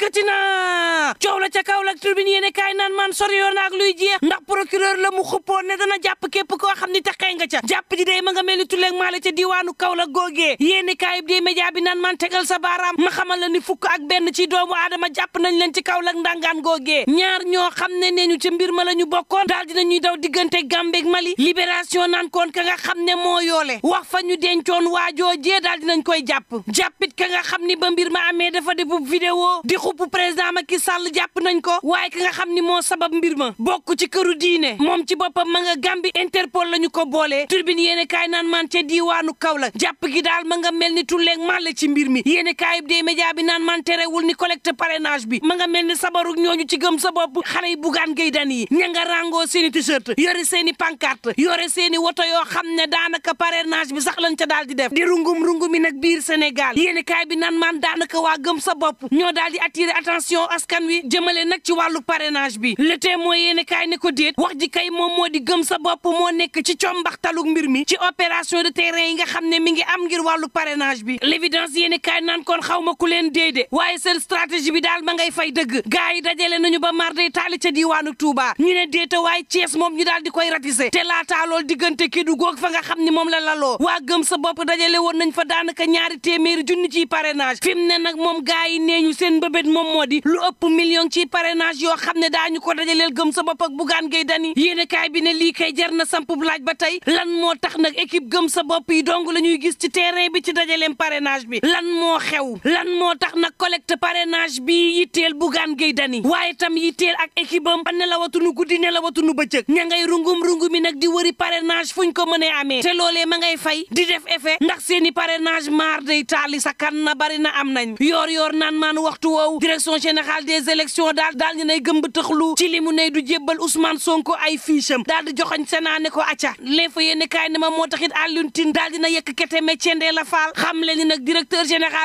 yëkkati na coow tribune yéene kaay naan man sori yoon ak luy jeex ndax procureur la mu xuppoon ne dana jàpp képp koo xam ni taxee nga ca jàpp ji day ma nga mel ni tulleeg maale ca diwaanu Kaolack googee yéene kaay bi day média bi nan man tegal sa baaraam ma xamal la ni fukk ak benn ci doomu aadama jàpp nañ leen ci Kaolack ndangaan googee ñaar ñoo xam ne nee ñu ci mbir ma la ñu bokkoon daal dinañuy daw diggante Gambie Mali libération naan koon ka nga xam ne moo yoole wax fa ñu dencoon waajoo jee daal dinañ koy jàpp jàppit ka nga xam ni ba mbir ma amee dafa di bu vidéo di xupp président Macky Sall nañ ko waaye ki nga xam ni moo sabab mbir ma bokk ci këru diine moom ci boppam ma nga Gambie Interpol la ñu ko boolee turbine yéen kaay naan man ca diiwaanu Kaolack jàpp gi daal ma nga mel ni tulleeg la ci mbir mi yéen kaayub dee média bi naan man terewul ni collecte parrainage bi ma nga mel ni sabaru ñooñu ci gëm sa bopp xale yi bugaan gay dan yi ña nga rangoo seeni t-shirt yore seeni pancarte yore seeni woto yoo xam ne daanaka parrainage bi sax lañ ca daal di def di rungum rungum yi nag biir Sénégal yéen kaay bi naan man daanaka waa gëm sa bopp ñoo daal di attirer attention askan wi jëmale nag ci wàllu parrainage bi le témoin yéen kaay ne ko déet wax ji kay moom moo di gëm sa bopp moo nekk ci combaxtalu mbir mi ci opération de terrain yi nga xam ne mi ngi am ngir wàllu parrainage bi l'évidence yéen kaay naan kon xaw ma ku leen déedee waaye seen stratégie bi daal ma ngay fay dëgg gars yi dajale nañu ba marday taali ca diiwaanu Touba ñu ne déeta waaye Thiès moom ñu daal di koy ratissé te laataa lool diggante kii du góog fa nga xam ni moom la laloo waa gëm sa bopp dajale woon nañ fa daanaka ñaari téeméeri junni ciy parrainage ne nag moom gars yi nee ñu seen mbëbét moom moo di lu ëpp million ci parrainage yoo xam ne daañu ko dajaleel gëm sa bopp ak Bougane Gueye Dany yéen kaay bi ne lii kay jar na samp laaj ba tey lan moo tax nag équipe gëm sa bopp yi dong la ñuy gis ci terrain bi ci dajaleem parrainage bi lan moo xew lan moo tax nag collecte parrainage bi yitteel Bougane Gueye Dany waaye tam yitteel ak équipe am ne la watunu guddi ne la watunu bëccëg ña ngay rungum rungumi nag di wëri parrainage fuñ ko mënee amee te loolee ma ngay fay di def effet ndax seeni parrainage maar day sa kan na na am nañ yoor yoor naan maan waxtu woowu direction générale des daal di nay gëmb tëxlu ci li mu ne du jébbal Ousmane Sonko ay fiche am ne ko acca l'info yéen kaay ne moo taxit Alioune Tine daal di na yekk kete me cendee la faal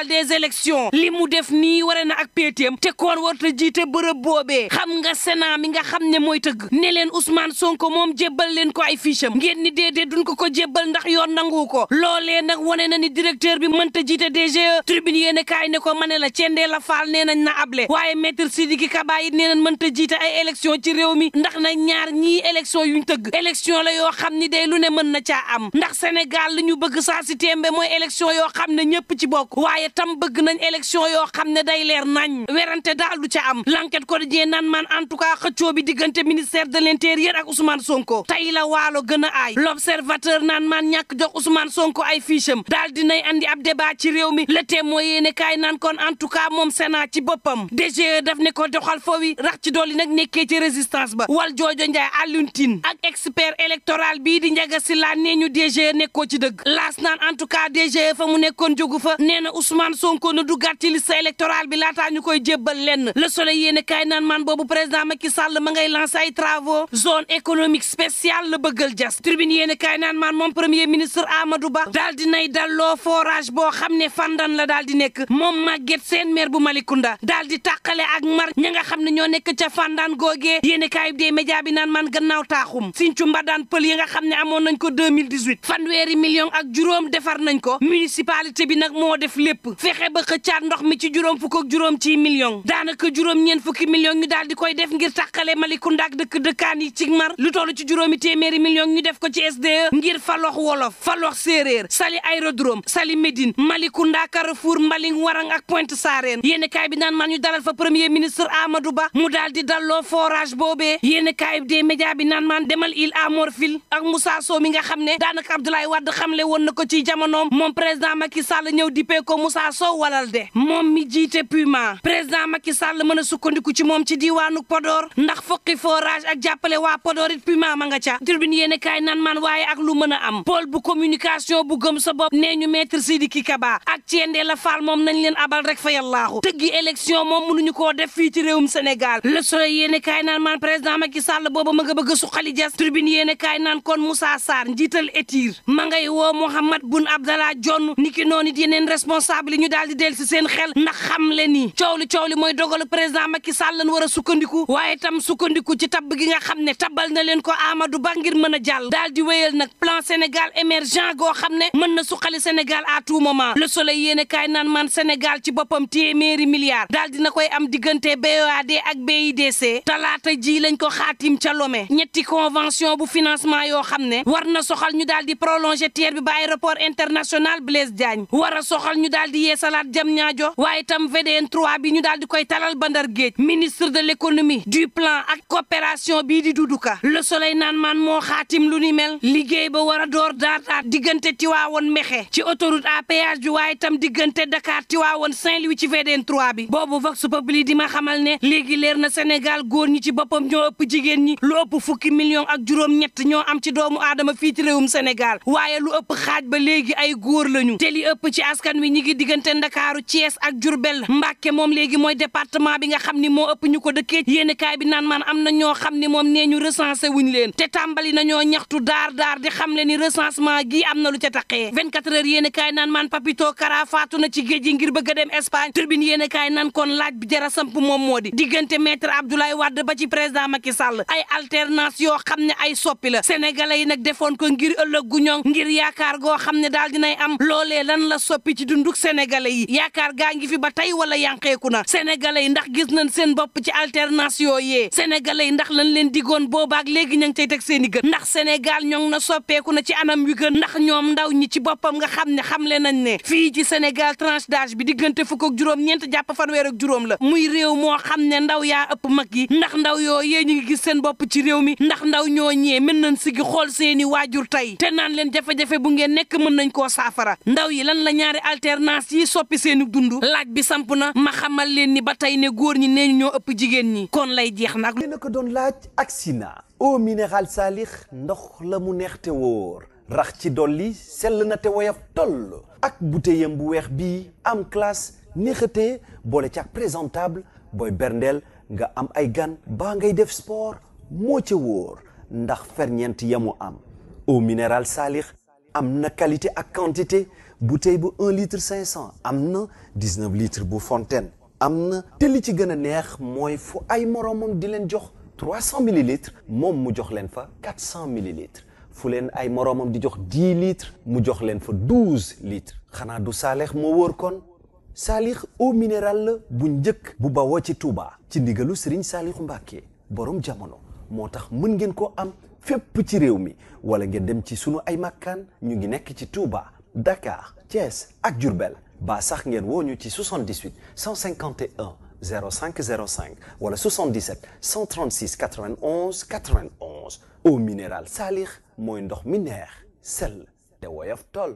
des élections li mu def nii ware na ak PTM te koon warta jiite bërëb boobee xam nga Sénat mi nga xam ne mooy tëgg ne leen Ousmane Sonko moom jébbal leen ko ay fiche ngeen ni déedéet duñ ko ko jébbal ndax yoon nangu ko loolee nag wane na ni directeur bi mënta jiite DGE tribune yéen kaay ne ko ma la cendee la faal nee nañ na able waaye maître Sidiki Kaba nee nañ mënta jiite ay élection ci réew mi ndax na ñaar ñii élection yuñ tëgg élection la yoo xam ni day lu ne mën na caa am ndax Sénégal li ñu bëgg saa si tembe mooy élection yoo xam ne ñëpp ci bokk waaye tam bëgg nañ élection yoo xam ne day leer nañ werante daal du ca am l'enquête quotidien naan man en tout cas xëccoo bi diggante ministère de l'intérieur ak Ousmane Sonko tey la waalo gën ay aay l'observateur naan man ñàkk jox Ousmane Sonko ay ficham daal dinay andi ab débat ci réew mi le témoin yéene kaay naan kon en tout cas moom Sénat ci boppam DGE daf ne ko doxal foofu wi rax ci dolli nag nekkee ci résistance ba wal joojo njaay àlluntin ak expert électoral bii di njaga si laa nee ñu DGE nekkoo ci dëgg laas naan en tout cas DGE fa mu nekkoon jógu fa nee na Ousmane Sonko na duggaat ci liste électorale bi laataa ñu koy jébbal lenn le soleil yéen kaay naan man boobu président Macky Sall ma ngay lancé ay travaux zone économique spéciale la bëggal jas tribune yéen kaay naan man moom premier ministre Amadou Ba daal di nay dalloo forage boo xam ne fandan la daal di nekk moom Maguette seen maire bu Malicounda ñoo nekk ca fàndaan googee yéene kaayub dee média bi naan man gannaaw taaxum sincu daan pël yi nga xam ne amoon nañ ko 2018 fanweeri million ak juróom defar nañ ko municipalité bi nag moo def lépp fexe ba xëccaat ndox mi ci juróom fukk ak juróom ci million daanaka juróom ñeen fukki million ñu daal di koy def ngir tàqale Malicounda ak dëkk dëkkaan yi ci mar lu toll ci juróom juróomi téeméeri million ñu def ko ci SDE ngir falox wolof falox séeréer sali aérodrome sali médine Malicounda Carrefour Mbaling Warang ak Pointe Sarène yéene bi naan man ñu dalal fa premier ministre Amadou ba mu daal di dalloo forage boobee yéen a kaayib des média bi naan maan demal Île à Morphil ak Moussa Sow mi nga xam ne daanaka Abdoulaye Wade xamle woon na ko ci jamonoom moom président Macky Sall ñëw dippee ko Moussa Sow walal de moom mi jiite Puma président Macky Sall mën sukkandiku ci moom ci diiwaanu Podor ndax fukki forage ak jàppale waa Podor it Puma ma nga ca turbine a kaay naan maan waaye ak lu mën a am pôle bu communication bu gëm sa bopp nee ñu maître Sidiki Kaba ak Thiendella Fall moom nañ moom mënuñu koo def fii ci réewum Sénégal Le Soleil yéen i kaay naan maan président ma nga bëgg a jas Tribune yéen i kon Moussa Sarr njiital ETIR ma ngay woo Mouhamed Boun Abdallah Dionne ni ki noonu responsable ñu daal di del si seen xel ndax xam le ni coow li coow li mooy dogalu président Macky Sall lan war a sukkandiku waaye tam sukkandiku ci tabb gi nga xam ne tabbal na leen ko Amadou Ba ngir mën a jàll daal di wéyal nag plan Sénégal émergent goo xam ne mën na suqali Sénégal à tout moment Le Soleil yéen i kaay naan maan Sénégal ci boppam téeméeri milliards daal dina koy ak BIDC talaata ji lañ ko xaatim ca Lomé ñetti convention bu financement yoo xam ne war na soxal ñu daal di prolonger TER bi ba aéroport international Blaise Diagne war a soxal ñu daal di yeesalaat Diamniadio waaye itam VDN 3 bi ñu daal di koy talal ba Ndar Géej ministre de l'économie du plan ak coopération bii di Doudou Ka Le Soleil naan maan moo xaatim lu ni mel liggéey ba war a door daataat diggante Tiwaawoon Mexe ci autoroute à péage bi waaye tam diggante Dakar Tiwaawoon Saint-Louis ci VDN bi boobu Vox di ma xamal gi leer na Sénégal góor ñi ci boppam ñoo ëpp jigéen ñi lu ëpp fukki million ak juróom-ñett ñoo am ci doomu aadama fii ci réewum Sénégal waaye lu ëpp xaaj ba léegi ay góor lañu te li ëpp ci askan wi ñi ngi diggante Ndakaaru Thiès ak Diourbel Mbàkke moom léegi mooy département bi nga xam ni moo ëpp ñu ko dëkkee yéenekaay bi naan man am na ñoo xam ni moom nee ñu recensé wuñ leen te tàmbali na nañoo ñaxtu daar daar di xam le ni recensement gi am na lu ca taqee 24 heures yéenekaay naan man Papito Kara faatu na ci géej gi ngir bëgg a dem Espagne turbine yéenekaay naan kon laaj bi jara samp moom moo diggante maître Abdoulaye Wade ba ci président Macky Sall ay alternance yoo xam ne ay soppi la sénégalais yi nag defoon ko ngir ëllëg gu ñoŋ ngir yaakaar goo xam ne daal dinay am loole lan la soppi ci dunduk sénégalais yi yaakaar gaa ngi fi ba tey wala yànqeeku na sénégalais yi ndax gis nañ seen bopp ci alternance yooyee sénégalais yi ndax lañ leen digoon boobaak léegi ña ngi cey teg seen i gën ndax sénégal ñoŋ na soppeeku na ci anam wi gën ndax ñoom ndaw ñi ci boppam nga xam ne xam le nañ ne fii ci sénégal bi diggante fukk ak juróom ñeent juróom la muy réew ndaw yaa ëpp mag yi ndax ndaw yoo yooyee ñu ngi gis seen bopp ci réew mi ndax ndaw ñoo ñee mën nañ si gi xool seeni waajur tey te naan leen jafe-jafe bu ngeen nekk mën nañ koo saafara ndaw yi lan la ñaari alternance yi soppi seeni dund laaj bi samp na ma xamal leen ni ba tey ne góor ñi nee ñoo ëpp jigéen ñi kon lay jeex nag leena ko doon laaj ak sina eau minérale saalix ndox la mu neex te wóor rax ci dolli sell na te woyof toll ak bouteillam bu weex bii am classe néexatee boole ci ak présentable booy berndeel nga am ay gan baa ngay def sport moo ca wóor ndax ferñeent yamu am au minérale saalix am na qualité ak bu bouteille bu 1 litre 500 am na 19 litres bu fonten am na te li ci gën a neex mooy fu ay moroomam di leen jox 300 millilitres moom mu jox leen fa 400 millilitres fu leen ay moromam di jox 10 litres mu jox leen fa 12 litres du saaleex moo wóor kon saalix eau minéral la bu njëkk bu bawoo ci Touba ci ndigalu Serigne Saalixu Mbàkke borom jamono moo tax mën ngeen ko am fépp ci réew mi wala ngeen dem ci sunu ay makkaan ñu ngi nekk ci Touba Dakar Thiès ak jurbel baa sax ngeen woo ñu ci 78 151 05 05 wala 77 136 91 91 eau minérale saalix mooy ndox mi neex sell te woyof toll